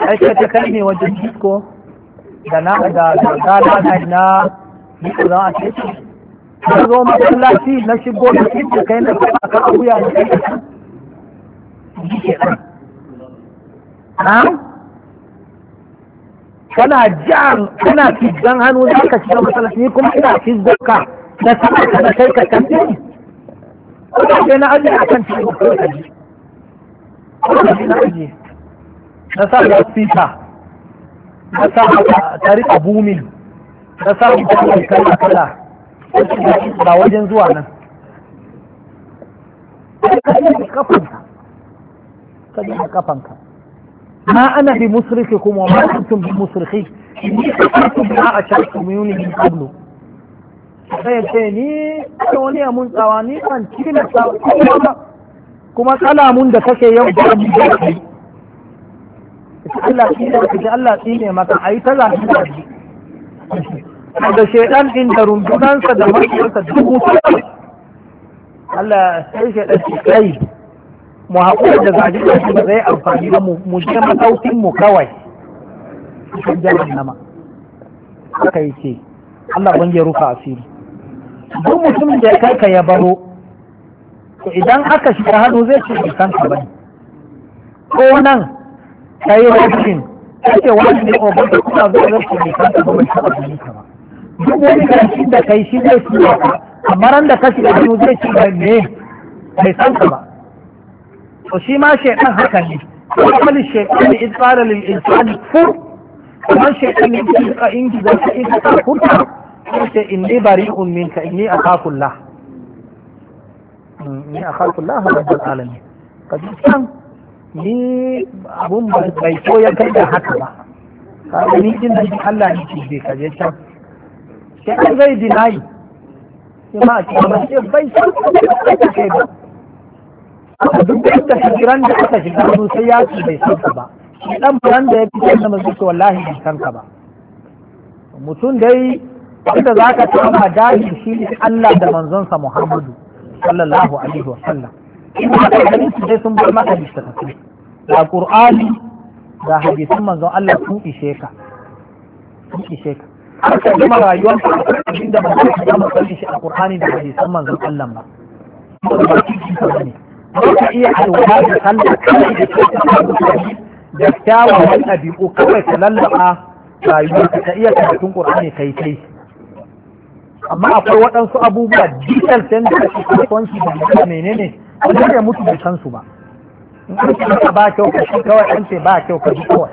[SPEAKER 2] ai ka ta kai ne
[SPEAKER 1] wajen disco da na da da na na ni ko za a ce ka zo masallaci na shigo da kai na kai akan abuya ne kai kana jan kana hannu da aka shiga masallaci ni kuma ina fizgo ka da sama ka da kai ka tafi. kuma ke na a kan cikin kuma ka ji kuma ke na ajiye na sa da fita na sa tari abumin na sa da kala kala ba wajen zuwa nan ka ji kafanka ka kafanka ما انا بمصرخكم وما انتم بمصرخي إني ما أشركتموني من قبل sai ce ni wani ya mun tsawa ni kan cikin kuma kalamun da kake yau da mu da kai Allah shi kace Allah shi ne maka ai ta zafi da shi da shedan din da da mutunsa duk Allah sai kai mu haƙura da zaɓi da shi ba zai amfani ba mu je masaukin mu kawai cikin nama haka yake Allah ban ya rufa asiri duk mutum da ya kai ka ya baro to idan aka shiga hannu zai ce bai san ka bane ko nan kai rashin kake wani ne oban da kuma zai rashin bai san ka ba bai taɓa gani ka ba duk wani karshen da kai shi zai tura ka amma ran da ka shiga hannu zai ce bai ne bai san ka ba to shi ma shaitan haka ne kamar shaitan in tsara lil insani fur kamar shaitan in ka in ki zaka in ka kurta sai inni bari'un minka ni akhafullah inni akhafullah rabbul alamin kaji ni abun bai so ya kai da haka ba kaga ni din da Allah ne ke bai kaje can sai an zai dinayi sai ma a cikin bai san da kai ba duk da shigiran da aka shiga hannu sai ya ce bai san ka ba shi dan furan da ya fi san da mazuki wallahi bai san ka ba mutum dai inda za ka kama dahi shi ne Allah da manzonsa Muhammadu sallallahu alaihi wa sallam
[SPEAKER 2] in ka gani
[SPEAKER 1] su dai sun bar maka littafi da Qur'ani da hadisin manzon Allah sun ishe ka sun ishe ka har ka gama rayuwar ka inda ba ka gama sanin shi a Qur'ani da hadisin manzon Allah ba ba ki ne
[SPEAKER 2] ba ka iya alwala da sallah kawai da kyakkyawan
[SPEAKER 1] da kyawawan ɗabi'u kawai ka lallaba rayuwar ka iya karatun ƙur'ani kai kai amma akwai waɗansu abubuwa details ɗin da ake kasuwanci da mutum menene ne ya mutu bai san su ba in an ce maka ba kyau ka shi kawai an ce ba kyau ka bi kawai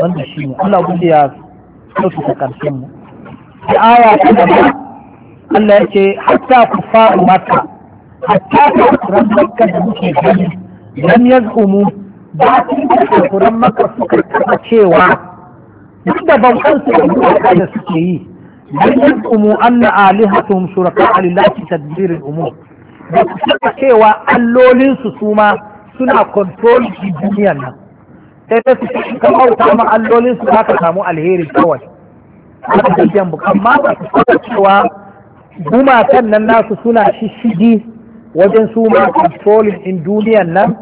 [SPEAKER 1] wanda shi ne Allah gudu ya sauke ta ƙarshen mu da aya ta gaba Allah ya ce hatta kufaru mata hatta kafiran makka da muke gani lam yaz'umu ba su da kafiran makka suka taba cewa duk da bautan su da mutaka da suke yi lam yaz'umu anna alihatum shuraka lillahi tadbir al-umur ba su taba cewa allolin su suma suna control duniyar nan sai ta su kan bauta ma allolin su za ka samu alheri kawai amma ba su taba cewa gumakan nan nasu suna shishigi wajen su ma controlling in duniyan nan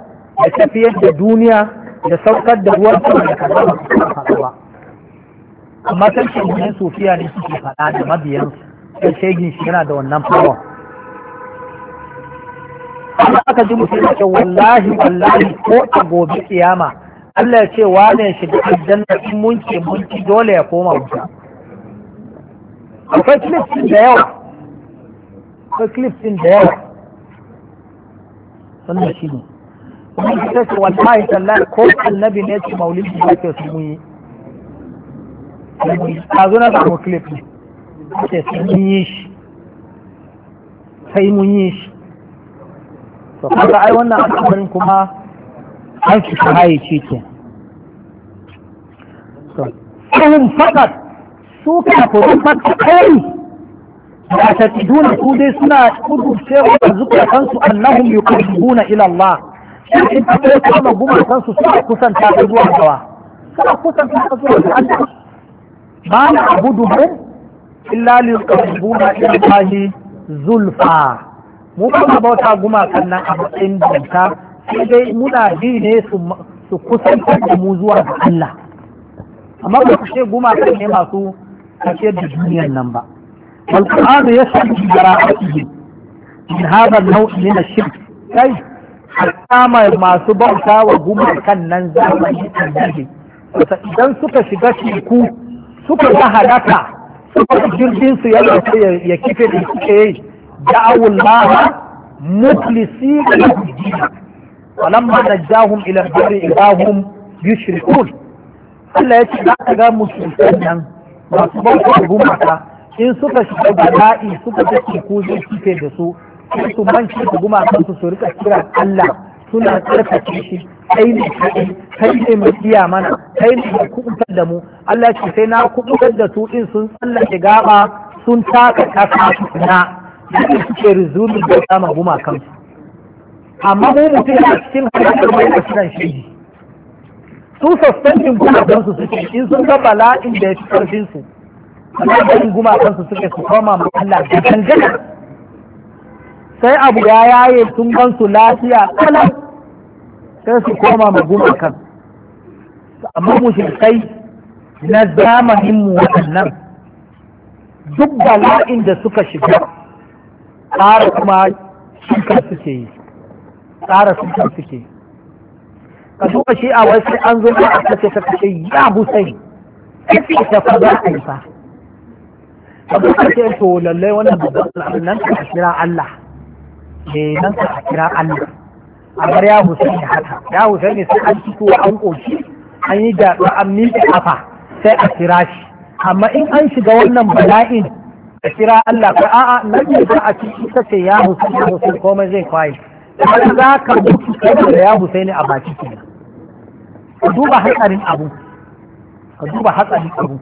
[SPEAKER 1] da tafiyar da duniya da saukar da ruwan sama da kaza ba su kasuwa. amma sai shegin sufiya ne suke faɗa da mabiyan sai shegin shi yana da wannan fawa amma aka ji mutum ya ce wallahi wallahi ko a gobe kiyama Allah ya ce wa ne shiga aljanna in mun ce mun ci dole ya koma wuta akwai clips da yawa akwai clips da yawa wannan shi ne kuma ta ce wallahi tallahi ko annabi ne ce maulidi ba ke su muyi a zo na samu clip ne ce sai yi shi sai mun yi shi to kaga ai wannan al'amarin kuma an shi ta haye ce ke to sun fakat su ka kafin fakat kai da ta su dai suna kudu cewa da zuwa kansu annahum yuqribuna ila Allah
[SPEAKER 2] shi ta ko ta ma guma kansu su kusanta ga zuwa
[SPEAKER 1] gawa suna kusanta ga zuwa ba na abudu hum illa li yuqribuna ila Allah zulfa mu kuma ba ta guma a matsayin dinta sai dai muna bi ne su su kusanta da zuwa Allah amma ba ku ce guma ne masu kashe da duniyan nan ba والقرآن يشهد ببراءتهم من هذا النوع من الشرك كيف حتى ما سبوتا وهم كان ننزع به idan suka shiga teku suka ga halaka suka jirgin su ya kife da suke yi da'awul ma'a muflisi da yahudina walamma najjahum ila al-birri idahum yushrikun Allah ya ce za ka ga nan masu bauta in suka shiga bala'i suka ce ko zai kife da su sai su manci su guma su su rika kiran Allah suna tsarkake shi kai ne kai kai ne mai iya mana kai ne mai kubutar da mu Allah ce sai na kubutar da su in sun tsallake gaba sun taka kasa na yadda suke rizumin da sama guma su amma mu mutum a cikin harkar mai da kiran shi su suspendin don su suke in sun ga bala'in da ya fi karfin su wajen gumakansu suke su koma ma Allah da dangana sai abu ya yaye sun gan su lafiya kalan sai su koma ma gumakan amma mu kai na zamanin mu wannan duk bala'in da suka shiga tsara kuma suka suke yi tsara suka suke ka duba shi a wasu an zo a kace ka kace ya busai sai ta fara za a yi fa abu da ke to lallai wannan babban al'amari nan ka kira Allah eh nan ka kira Allah amma ya Hussein haka ya ne sai an fito an koshi an yi da an miƙe kafa sai a kira shi amma in an shiga wannan bala'in ka kira Allah ko a'a nan ne za a ci ita ce ya Hussein ya Hussein komai zai kwaye kuma za ka mutu kai da ya ne a baki kenan ka duba hatsarin abu ka duba hatsarin abu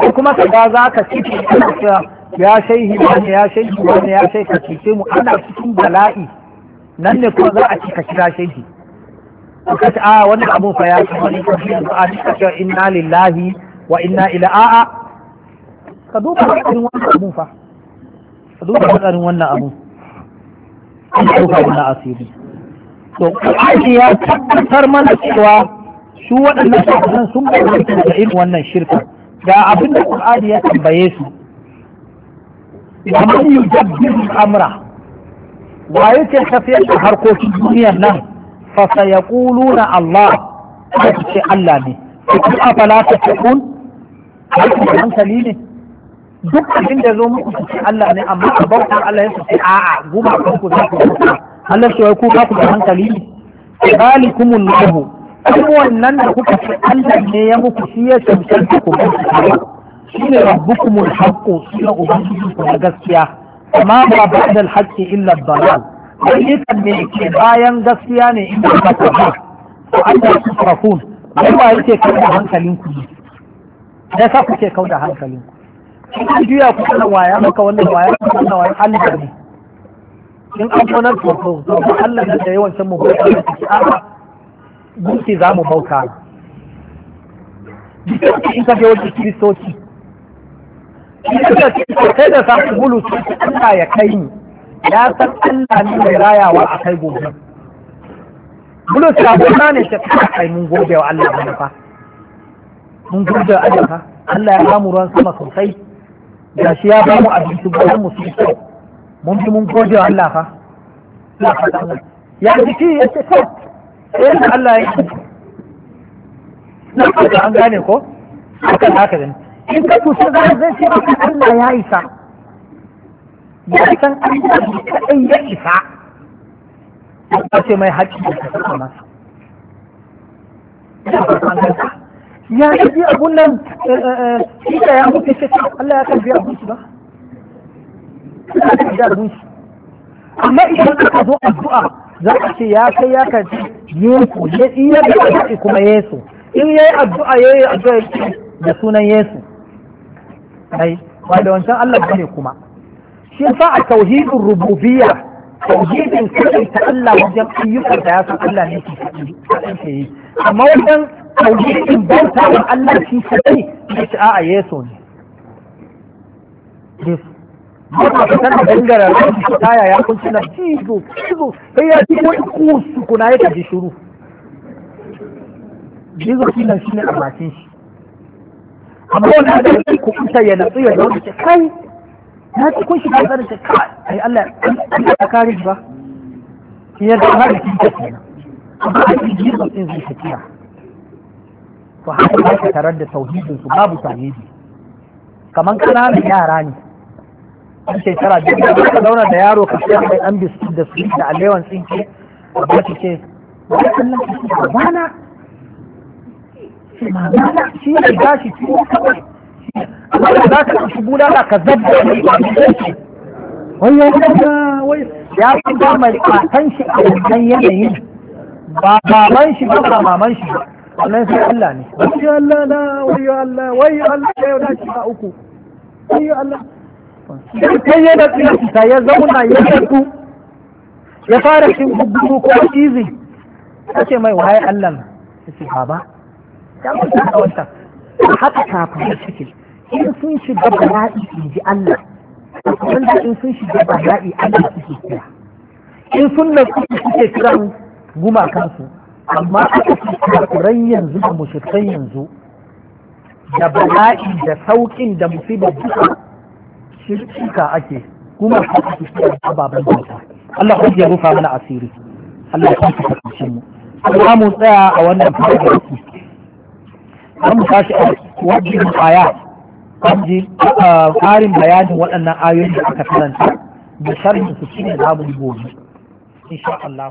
[SPEAKER 1] ko kuma ka ga za ka cike ana cewa ya shaihi wani ya shaihi wani ya shaihi ka cece mu ana cikin bala'i nan ne kuma za a ci ka kira shaihi ka ce a wannan abun fa ya ci wani ka ce a ci ka ce inna lillahi wa inna ila a'a ka duba hatsarin wannan abun fa ka duba hatsarin wannan abun
[SPEAKER 2] ka duba wannan
[SPEAKER 1] asiri to Qur'ani ya tabbatar mana cewa su waɗannan sun bayyana da irin wannan shirka ga abin da Qur'ani ya tambaye su kamar yujabbiru amra wa yake tafiyar da harkokin duniyar nan fa sayaquluna Allah sai ce Allah ne kuma afala ta takun harkar hankali ne duk abin da zo muku ce Allah ne amma a bautar Allah ya su ce a'a guma kanku za ku Allah shi wai ku ba ku da hankali ne zalikumul lahu abubuwan nan da kuka ce Allah ne ya muku shi ya cancanta ku ba shi ne rabbukumul haqqu shi ne ubangiji ku na gaskiya amma ba ba'da al-haqqi illa ad-dalal kan ne ke bayan gaskiya ne inda ba ta ba Allah tusrafun wai ba yake da hankalin ku ne da sa kuke da hankalin ku in juya ku kana waya maka wannan waya kana waya Allah ne in an konar to to Allah da yawan san mu ba ta a'a gunki za mu bauta in ka je wajen kiristoci kai da samun bulu Allah ya kai ni ya san Allah ne mai rayawa a kai gobe bulu sabona ne ta kai mun gobe wa Allah mana fa mun gobe wa Allah fa Allah ya samu ruwan sama sosai da shi ya ba mu abinci bayan mu su kyau mun bi mun gobe wa Allah fa ya ji ya ce kawai sai da Allah ya na fata an gane ko akan haka ne in ka tusa za zai ce maka Allah ya isa ya san Allah ne kaɗai ya isa ka ce mai haƙƙi da ka saka masa ya kaji abun nan shi da ya mutu ce Allah ya kan biya abun shi ba Allah ya kan biya abun shi amma idan aka zo addu'a za a ce ya kai ya kai yesu ya iya da kuma yesu in yi addu'a yi addu'a da sunan yesu ai ba da wancan Allah ne kuma shi sa a tauhidin rububiyya tauhidin kai ta Allah wajen ayyukan da ya san Allah ne ke yi amma wajen tauhidin bauta wa Allah shi kadai da a yesu ne
[SPEAKER 2] Mata tana dangara rashi taya
[SPEAKER 1] ya kunci na cizo cizo sai ya ci wani kusu kuna ya tafi shuru. Cizo shi nan shi ne a bakin shi. Amma wani adam shi kusa ya natsu ya zama da kai na ci kunshi shi ba zan kai ai Allah ya kare ba. Shi ya zama da kinta kenan. Amma a cikin jizo ɗin zai tafiya. To haka za ka tarar da tauhidinsu babu tauhidi. Kamar ƙananan yara ne. an shekara biyu da ka zauna da yaro ka sayar da an biskit da su da alewan tsinke ba ki ce wannan ba bana magana shi ne gashi shi ne kawai amma za ka shi Buda gudana ka zabba ne ba ki wai ya kuma wai ya fi ba mai fatan shi a wannan yanayin ba maman shi ba ba maman shi ba wannan sai Allah ne wai Allah na wai Allah wai Allah ya yau da shi ba uku wai Allah idan kai ya da tsirkita ya zauna ya tattu ya fara cin gudu ko izi ta ce mai waye Allah ya ce baba ya mutu a wata haka kafin da suke in sun shiga bala'i in ji Allah sun da in sun shiga bala'i Allah suke kira in sun da suke kiran gumakansu amma aka ce kafirai yanzu da mushrikai yanzu da bala'i da sauƙin da musibar duka shirka ake kuma ka ake shi ababen bauta Allah ku ya rufa mana asiri Allah ya kuka kashin mu Allah mu tsaya a wannan fara an mu tashi a wajen aya ji ƙarin bayanin waɗannan ayoyin da aka karanta da sharhin su shine zamu gobe insha Allah